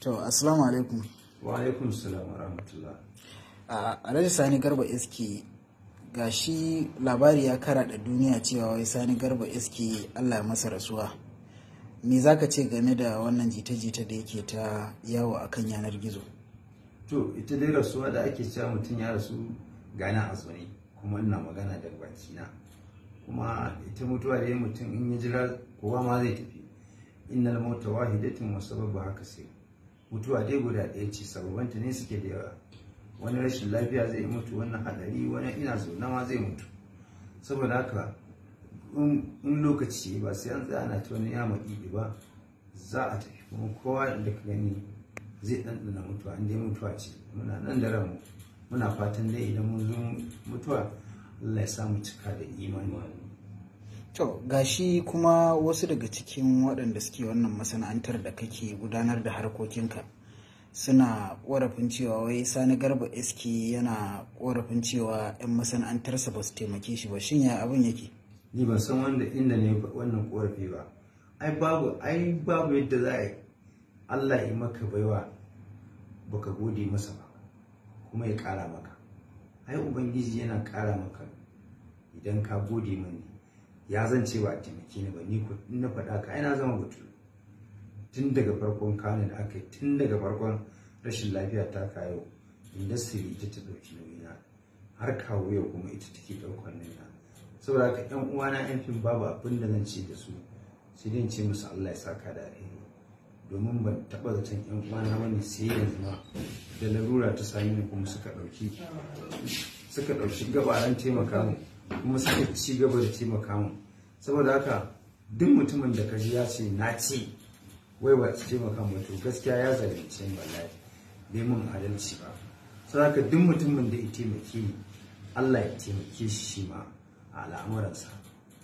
to assalamu alaikum wa alaikum salam wa rahmatullah a alhaji sani garba iski shi labari ya kara da duniya cewa wai sani garba iski allah masa rasuwa me za ka ce game da wannan jita-jita da yake ta yawo a kan yanar gizo to ita dai rasuwa da ake cewa mutum ya rasu gana a tsoni kuma ina magana da bakina kuma ita mutuwa da mutum in ya jira kowa ma zai tafi innal mauta wahidatin wa sababu haka sai mutuwa dai guda ɗaya ce sababanta ne suke da yawa wani rashin lafiya zai mutu wani hadari wani ina ma zai mutu saboda haka in lokaci ba sai an tsaya ana ta wani yama ɗiɗi ba za a tafi kuma kowa inda ka gani zai ɗanɗana mutuwa in dai mutuwa ce muna nan da ranmu muna fatan dai idan mun zo mutuwa Allah ya samu cika da imani To gashi kuma wasu daga cikin waɗanda suke wannan masana'antar da kake gudanar da harkokinka suna ƙorafin cewa wai sani garba iski yana ƙorafin cewa 'yan masana'antarsa ba su taimake shi ba shin ya abin yake? Ni ba san wanda inda ne wannan ƙorafi ba. Ai babu ai babu yadda za a yi Allah ya maka baiwa baka gode masa ba kuma ya ƙara maka. Ai Ubangiji yana ƙara maka idan ka gode mani. ya zan ce ba a taimaki ni ba ni ku in na faɗa ka ina zama batu tun daga farkon kano da aka yi tun daga farkon rashin lafiya ta kayo industry ita ta ɗauki nauyina har kawo yau kuma ita take ɗaukar nauyina saboda haka yan uwana yan fim babu abin da zan ce da su sai dai ce musu Allah ya saka da alheri domin ban taɓa zaton yan uwana wani sai yanzu ma da larura ta sami ne kuma suka ɗauki suka ɗauki gabaran taimaka mu kuma suka ci gaba da taimaka mu saboda haka duk mutumin da kaji ya ce na ce wai ba ci taimaka mu to gaskiya ya zalunce ni wallahi bai mun adalci ba saboda haka duk mutumin da ya taimake ni Allah ya taimake shi ma a al'amuransa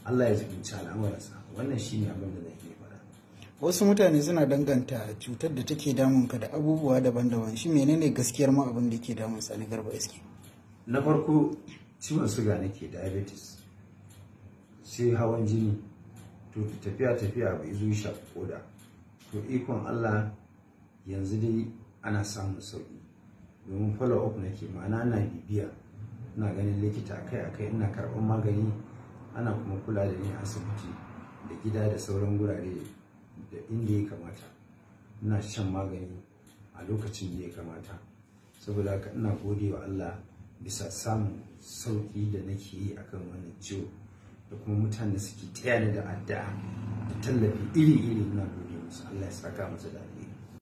Allah ya zubunci al'amuransa wannan shine abin da zai iya faɗa wasu mutane suna danganta cutar da take damun ka da abubuwa daban-daban shi menene gaskiyar ma abin da ke damun sani garba iske na farko ciwon suga nake diabetes sai hawan jini to tafiya tafiya bai zo shi koda to ikon Allah yanzu dai ana samun sauki domin follow up nake ma'ana na bibiya ina ganin likita akai akai ina karɓar magani ana kuma kula da ni asibiti da gida da sauran gurare da inda ya kamata ina shan magani a lokacin da ya kamata saboda haka ina gode wa Allah bisa samun sauƙi da nake yi akan wannan ciwo da kuma mutane suke taya ni da addu'a da tallafi iri-iri na gode musu Allah ya saka musu dadi